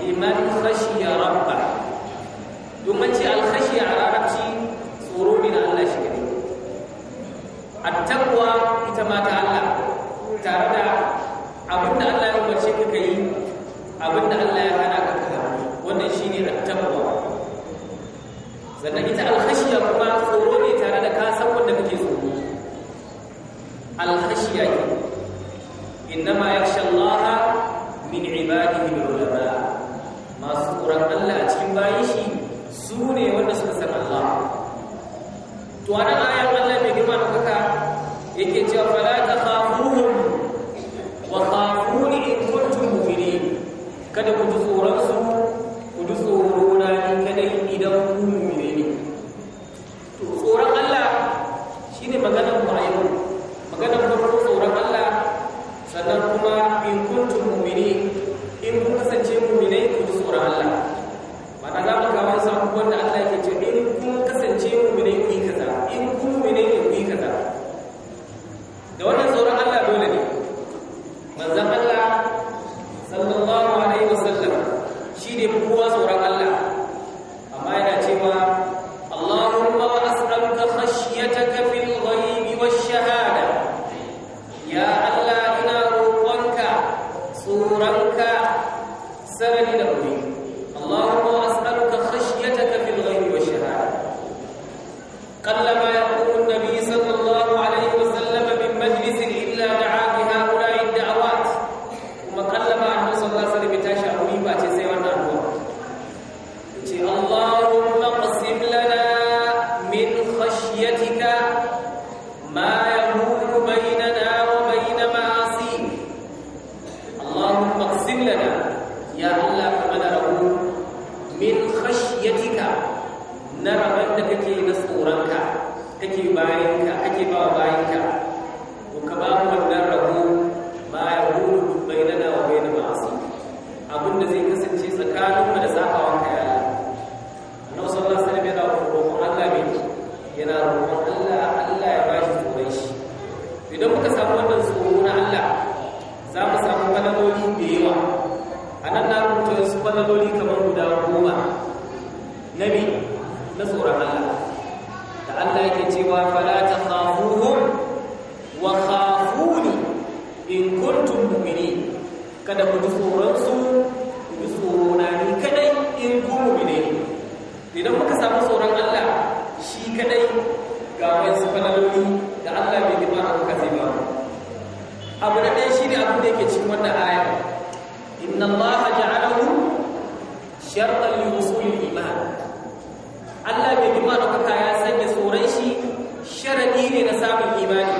liman khashiya rabba domin ce alkhashi a larabci tsoro ne na Allah shi gani attaqwa ita ma ta Allah tare da abinda Allah ya umarce ka yi abinda Allah ya hana ka ka wannan shine attaqwa sannan ita alkhashiya kuma tsoro ne tare da ka san ne da rauni girma ɗaukaka ya sanya tsoron shi sharaɗi ne na samun imani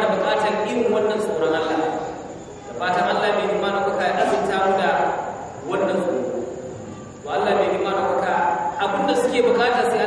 da bukatar irin wannan tsoron Allah da fatan Allah mai nima na kuka azurta mu da wannan tsoro to Allah mai nima na kuka abinda suke bukata sai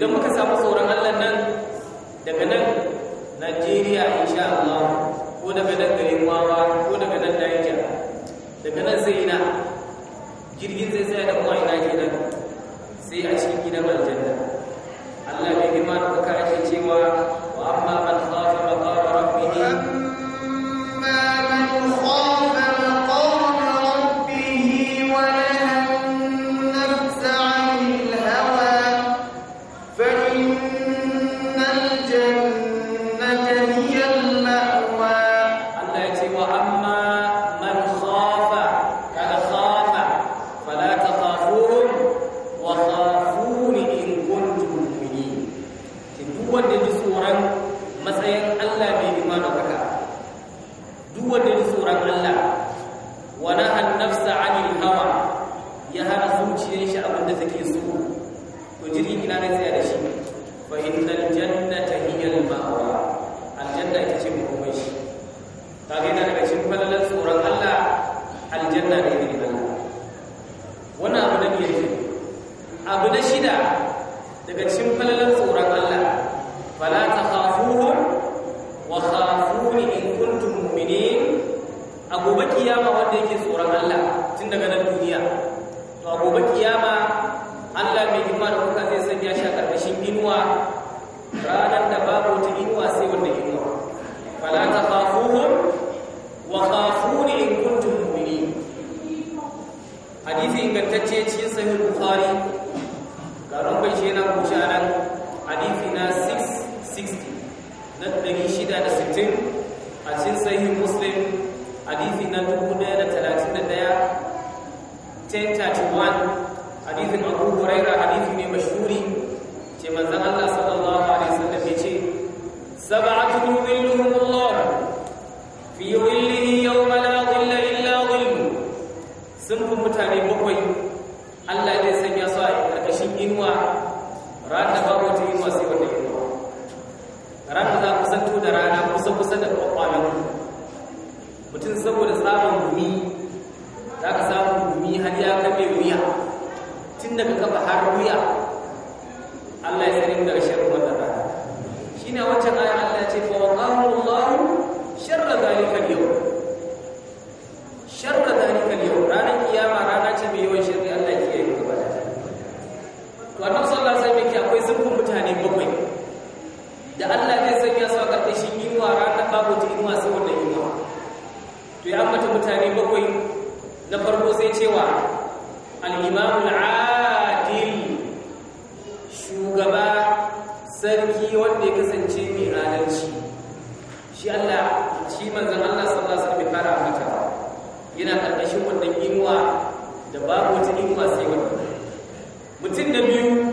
idan muka samu tsoron Allah nan mai girma da kuka zai sanya shi a ƙarƙashin ginuwa ranar wanda ya kasance mai adalci shi Allah shi manzon Allah sallallahu alaihi wasallam fara mata yana karkashin wannan inuwa da babu wata inuwa sai wannan mutum da biyu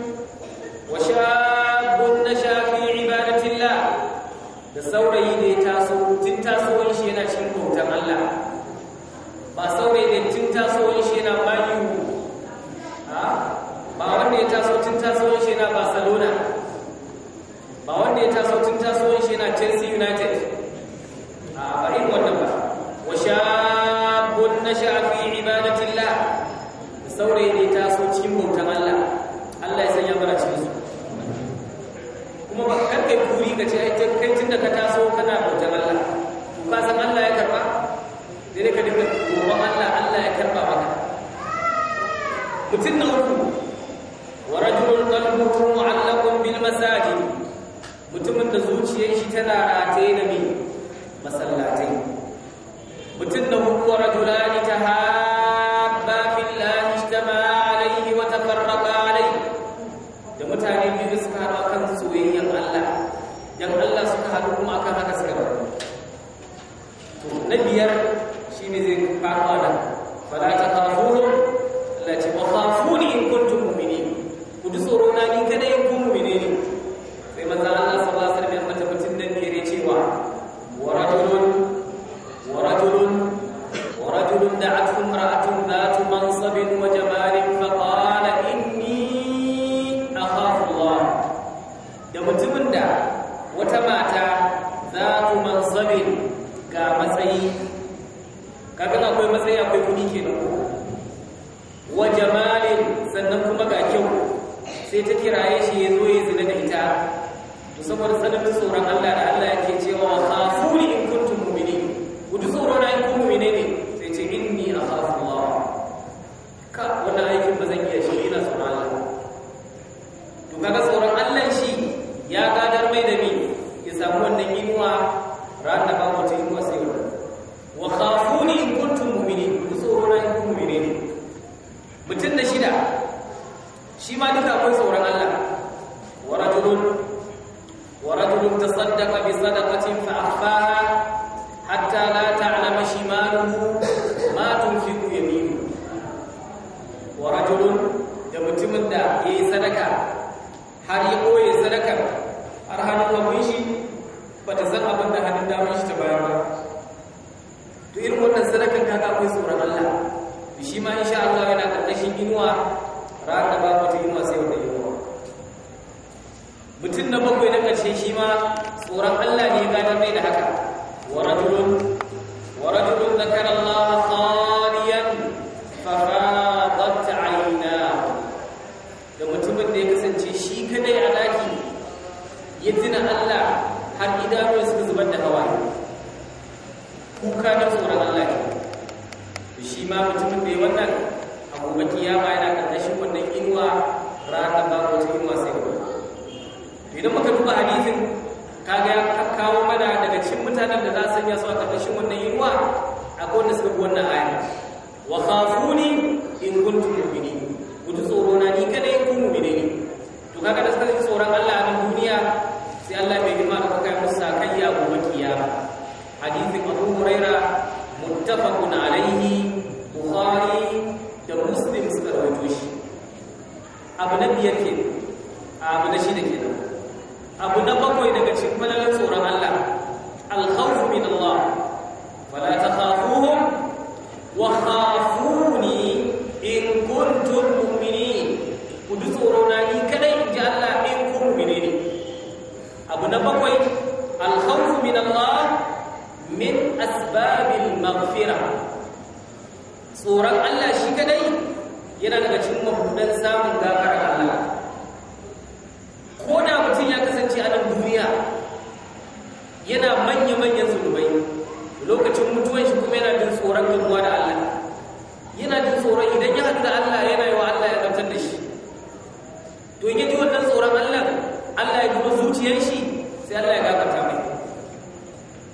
zuciyar shi sai Allah ya gafarta mai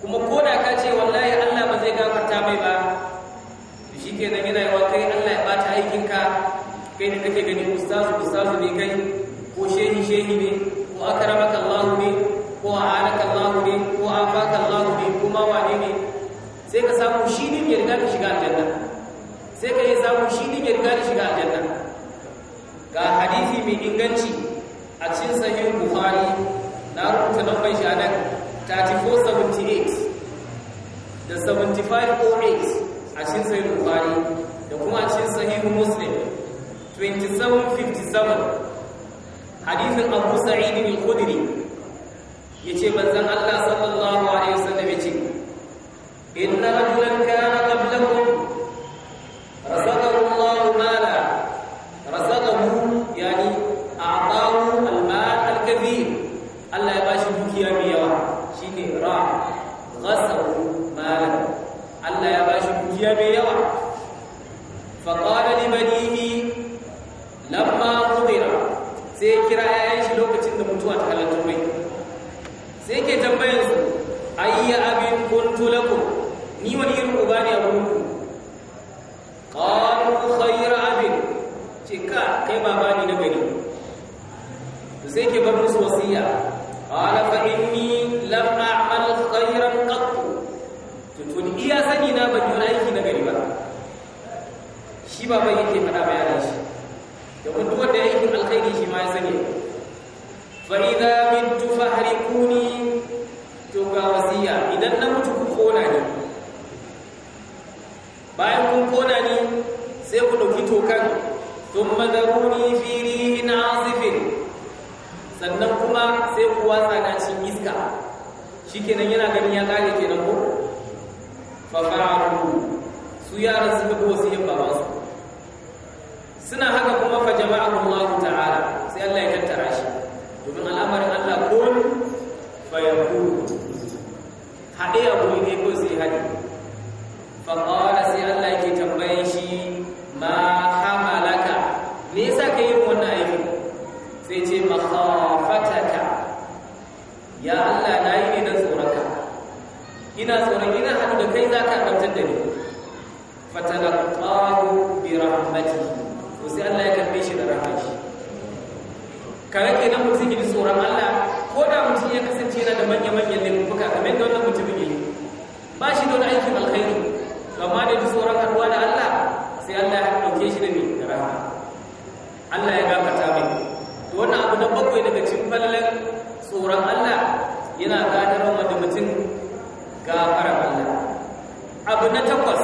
kuma ko da ka ce wallahi Allah ba zai gafarta mai ba to shikenan yana yawa kai Allah ya bata aikin ka kai ne kake gani ustazu ustazu ne kai ko shehi shehi ne ko akramaka Allah ne ko a'anaka Allah ne ko afaka Allah ne kuma wane ne sai ka samu shi ne ya riga ka shiga aljanna sai ka yi samu shi ne ya riga ka shiga aljanna shi a nan 3478 da 7508 a cikin sahih bukhari da kuma a cikin muslim 2757 hadisin abu sa'idin al ce yace manzon Allah qala fa inni lam a'mal khayran qat to iya sani na ban yi aiki na gari ba shi ba bai yake fada bayanin shi da duk wanda ya yi alkhairi shi ma ya sani fa idza mintu fahrikuni to ga wasiya idan na mutu ku kona ni bayan kun kona ni sai ku dauki tokan thumma daruni fi rihin sannan kuma sai ku watsa iska shi iska shikenan yana ganin ya kage kenan ko fa su yaran suka ko wasu yin babansu suna haka kuma fa jama'ahu Allah ta'ala sai Allah ya tattara shi domin al'amarin Allah ko? fa kuru. hade a guri ne ko sai hade fa qala sai Allah ke tambaye shi ma hamalaka me yasa kai yin wannan aiki sai ce makawa. ta ya Allah na yi ne don tsoronka ina tsoron ina haɗu da kai za ka ɗautar da ni fatalaqahu bi rahmatihi to sai Allah ya karbe shi da rahmar shi kare kenan mutum ya tsoron Allah ko da mutum ya kasance yana da manya-manyan laifuka kamar yadda wannan mutumin ya yi ba shi da wani aikin alkhairi amma da ji tsoron haɗuwa da Allah sai Allah ya ɗauke shi da ni da rahama Allah ya gafarta mai wannan abu na bakwai daga cikin fallon tsoron Allah yana gadarwa da mutum ƙarar Allah abu na takwas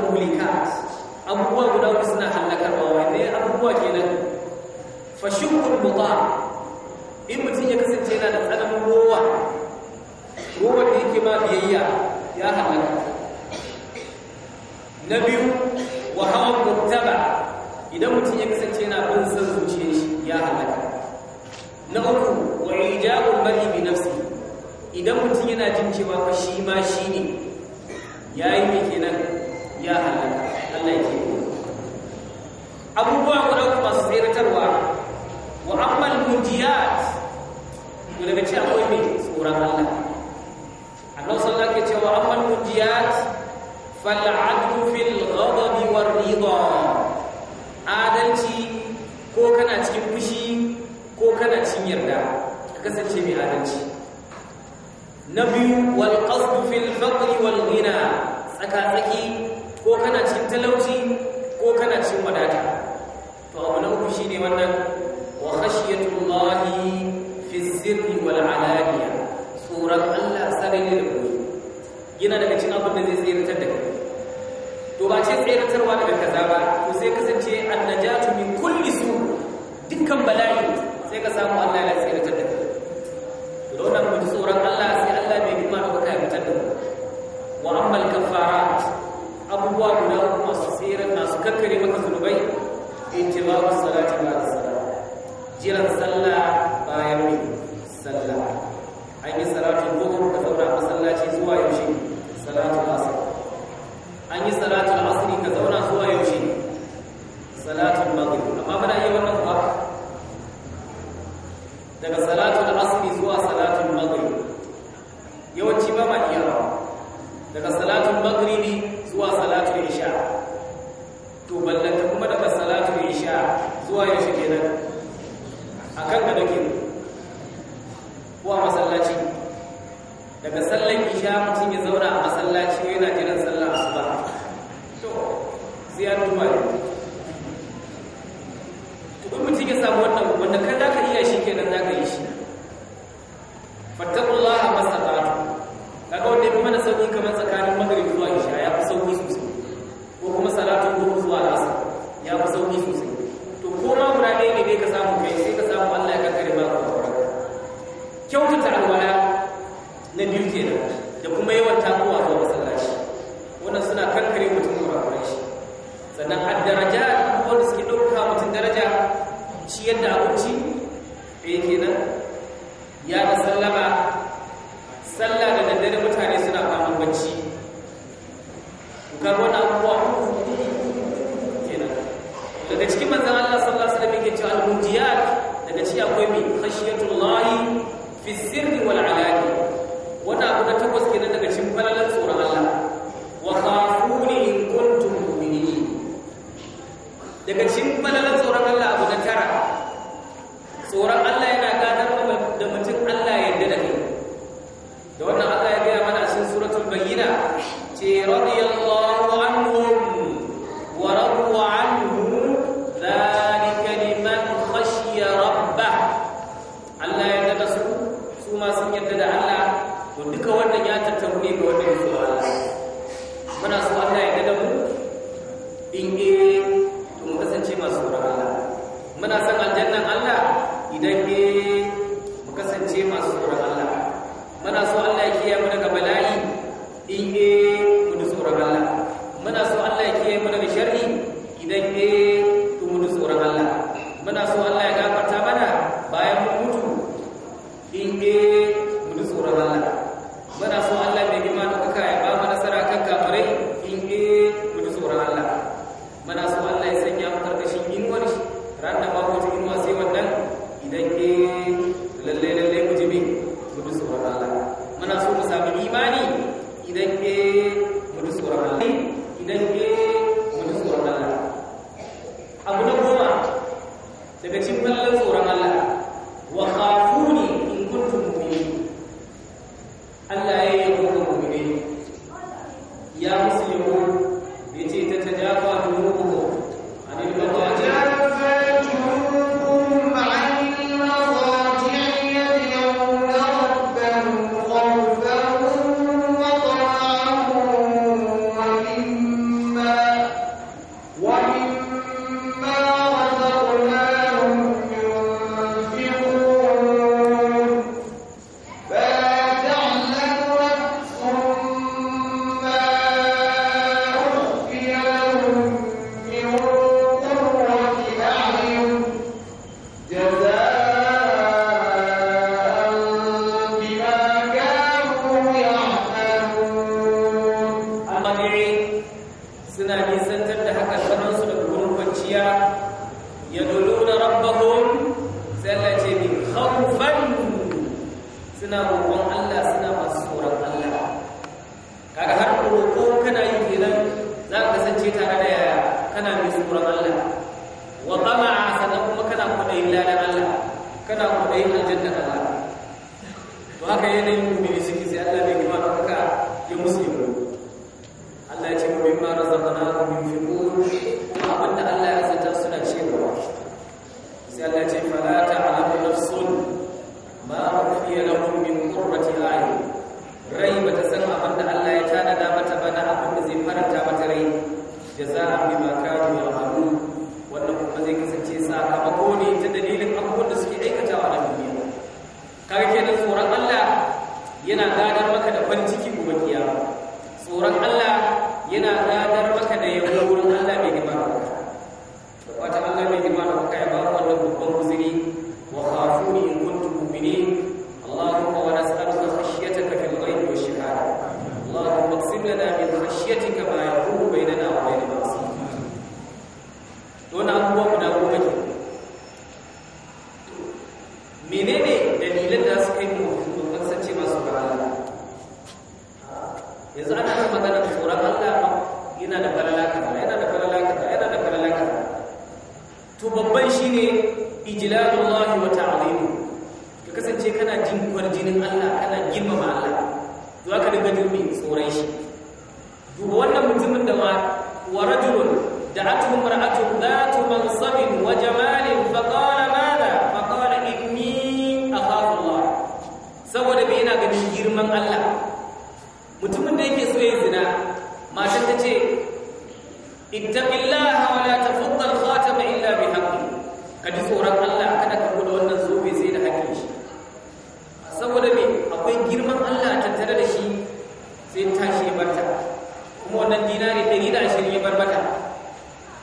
muhlikat abubuwa guda uku suna hallakarwa wanne abubuwa kenan fa fashukul muta in mutum ya kasance yana da tsananin rowa rowa da yake ma biyayya ya hallaka na biyu wa hawan muttaba idan mutum ya kasance yana bin san zuciyar shi ya hallaka na uku wa ijabul bari bi nafsi idan mutum yana jin cewa fa shi ma shi ne yayi me kenan ya halaka Allah ya kiyaye abubuwa guda uku masu tseratarwa wa ammal mujiyat to daga ce akwai mai tsoron Allah Allah sallallahu alaihi cewa ammal mujiyat fal adlu fil ghadab war ridha adalci ko kana cikin fushi ko kana cikin yarda ka kasance mai adalci na biyu wal qasd fil faqr wal ghina tsaka tsaki ko kana cikin talauci ko kana cikin wadata to abu na uku shine wannan wa khashiyatullahi fi sirri wal alaniya tsoron Allah sarari da koyi yana daga cin abin da zai tsiratar da kai to ba ce tsiratarwa daga kaza ba to sai kasance annajatu min kulli su dukkan bala'i sai ka samu Allah ya tsiratar da kai to da wannan mu tsoron Allah sai Allah bai girma da kuka ya fitar da mu wa ammal kafara abubuwa guda uku masu tseren masu kakkare maka zunubai in ji ba ku salati ba da sallah jiran sallah bayan ne sallah an yi salatu zuwa da zauna masallaci zuwa yaushe salatu daga ci akwai mai khashiyatullahi fi sirri wal alani wani abu na takwas kenan daga cikin falalar tsoron Allah wa khafuni in kuntum mu'minin daga cikin falalar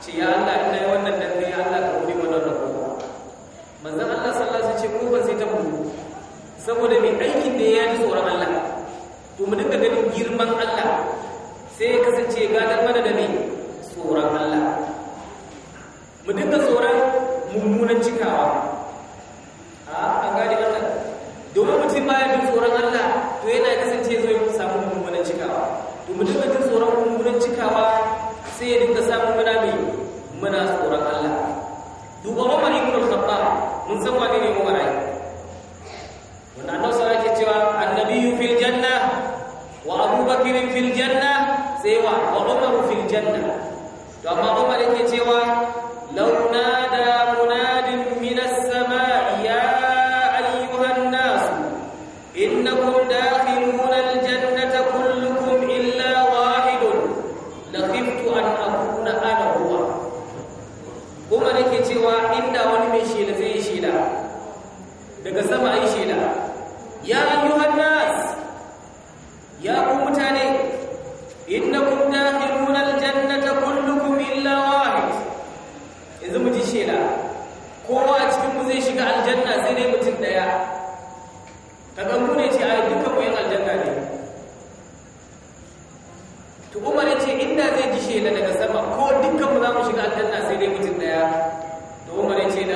ce ya Allah in nayi wannan dan kai Allah ka kuri mana rabo Allah sallallahu alaihi wasallam ce mu ba ta saboda mai aikin da ya ji tsoron Allah to mu dinga ganin girman Allah sai ya kasance gadar mana da mai tsoron Allah mu dinga tsoron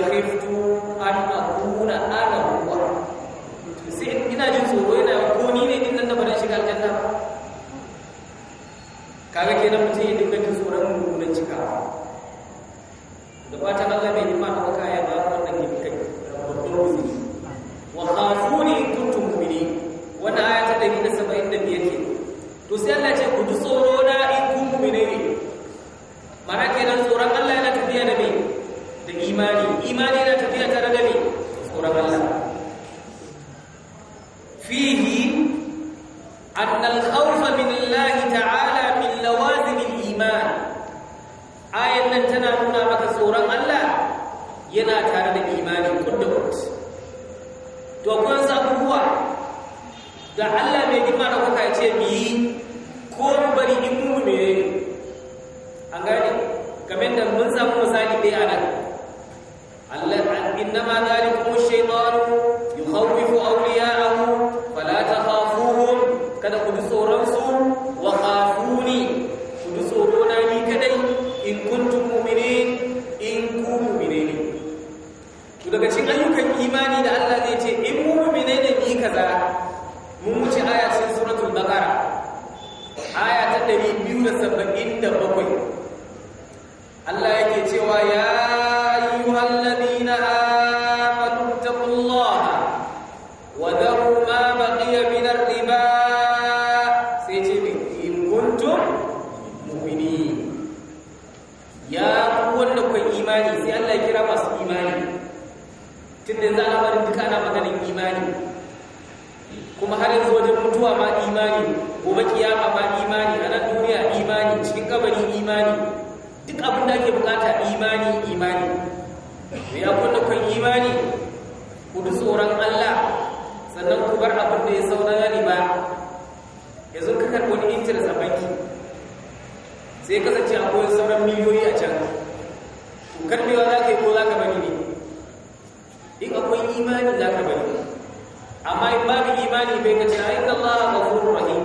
na khiftu an akuna ana huwa sai ina jin tsoro ina ko ni ne din nan da ba shiga aljanna kaga kenan mutum kuma har yanzu wajen mutuwa ma imani gobe kiyama ma imani a nan duniya imani cikin kabari imani duk abin da ake bukata imani imani me ya kunna kan imani ku da tsoron Allah sannan ku bar abin da ya saura na riba yanzu ka karɓi wani interest a banki sai kasance akwai sauran miliyoyi a can to karbewa za ka yi ko za ka bari ne in akwai imani za ka bari amma in babu imani bai kace inna allaha ghafurur rahim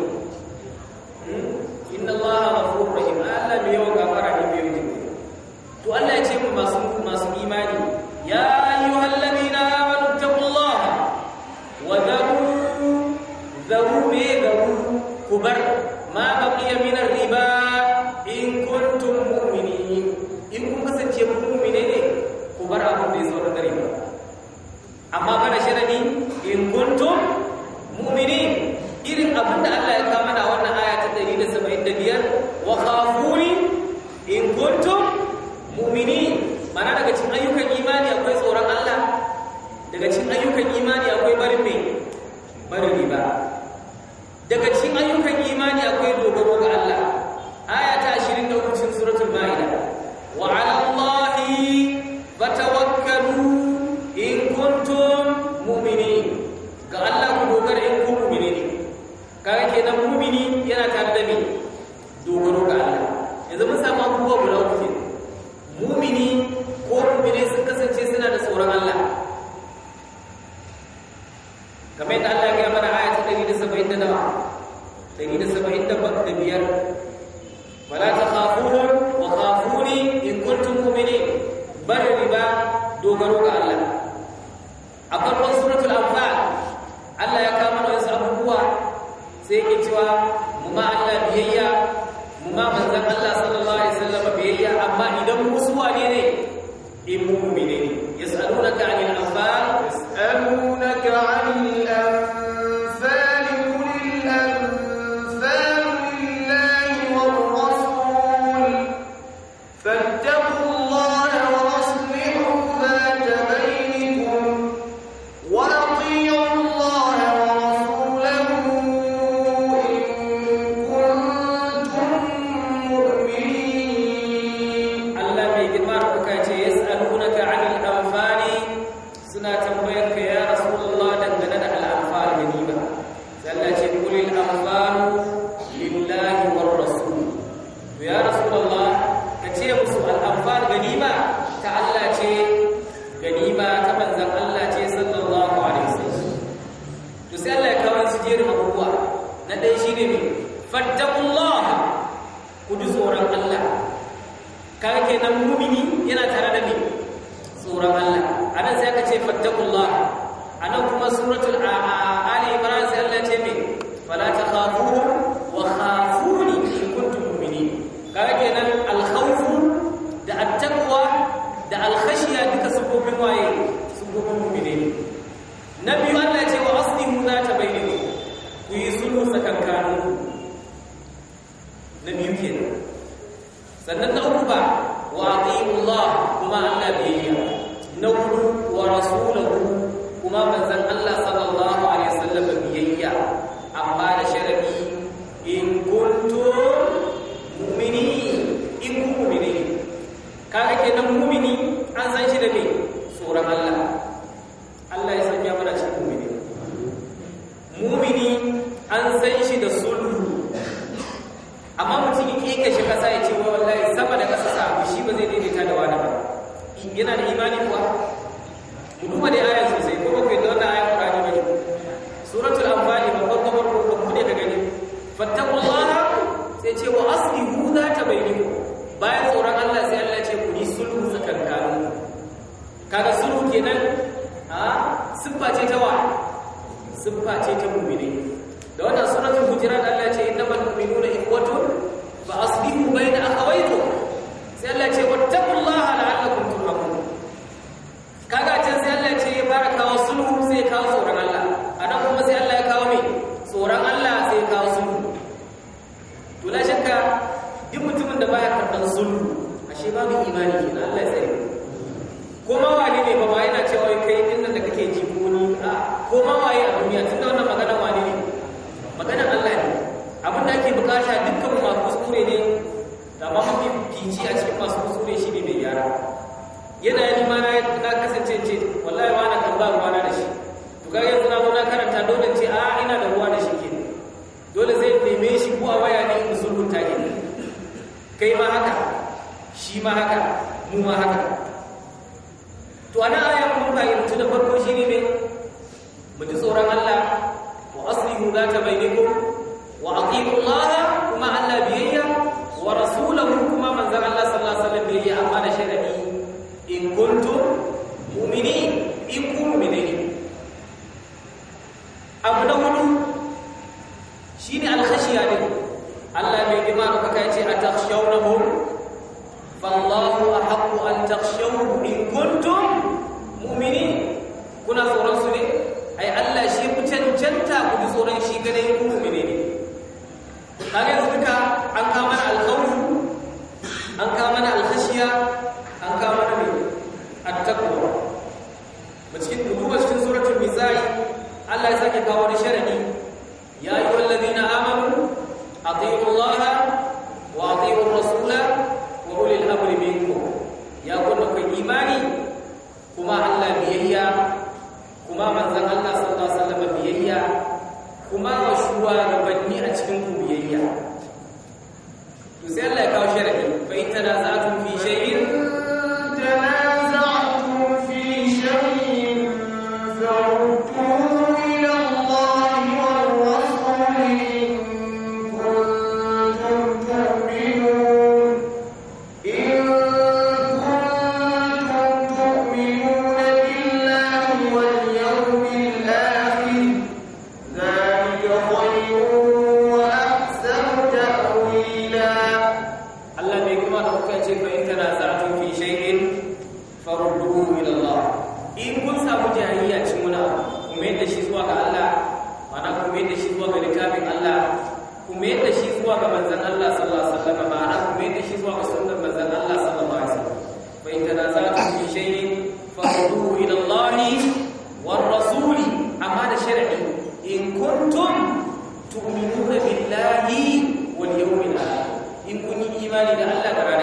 tsoron Allah kaga kenan mumini yana tare da me tsoron Allah anan sai aka ce fattaqullah anan kuma suratul ali imran sai Allah ce me fala takhafu wa khafuni in kuntum mu'minin kaga kenan al khawf da at taqwa da al khashiya duka sufofin waye sufofin mu'mini nabi Allah ce wa aslihu zata bainakum ku yi sulhu sakankanin na biyu kenan sannan na uku ba wa aqimullah kuma Allah biyayya na hudu wa rasulahu kuma manzon Allah sallallahu kenan a siffa ce ta wa siffa ce ta mu'minai da wannan suratul hujurat Allah ce innamal mu'minuna ikhwatun fa aslihu baina akhawaykum sai Allah ce wattaqullaha la'allakum turhamun kaga can sai Allah ce ya fara kawo sulhu sai kawo tsoron Allah anan kuma sai Allah ya kawo me tsoron Allah sai kawo sulhu to la shakka duk mutumin da baya karɓar sulhu ashe babu imani kenan Allah ya tsare kuma wani ko ma waye a duniya tun da wannan magana wani ne magana Allah ne abin da ake bukata dukkan masu kuskure ne da ma mafi kici a cikin masu kuskure shi ne mai gyara yana yi ma na kasance ce wallahi ma na kan ruwa na da shi to ga yanzu na zo karanta dole ce a ina da ruwa da shi ke dole zai neme shi ko a waya ne in sulhunta ke kai ma haka shi ma haka mu ma haka to ana ayan mun da farko shi ne mu ji tsoron Allah wa aslihu zata bainakum wa atiqu Allah Allah shi fi cancanta ku ji tsoron shi ganin ku mu'mini ne kare su duka an kama na alkhawf an kama na alkhashiya an kama na mai at-taqwa cikin dubu cikin suratul mizai Allah ya sake kawo da sharadi billahi wal yawmil kun yi imani da Allah da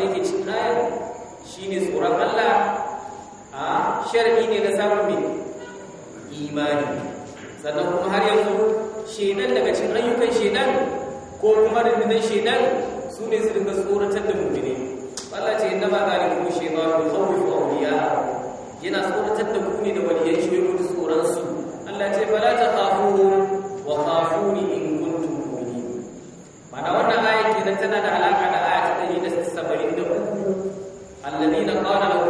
da yake cikin shi ne tsoron Allah a sharadi ne na samun mai imani sannan kuma har yanzu shedan daga cin ayyukan shedan ko kuma rundunar shedan su ne su dinga tsoratar da ne Allah ce ba inna ma zalikum shaytanu yukhawwifu awliya yana tsoratar da ku ne da waliyan shi ku tsoran su Allah ce fala takhafu wa khafuni in kuntum mu'minin mana wannan ayat kenan tana da alaƙa? الذين قال لهم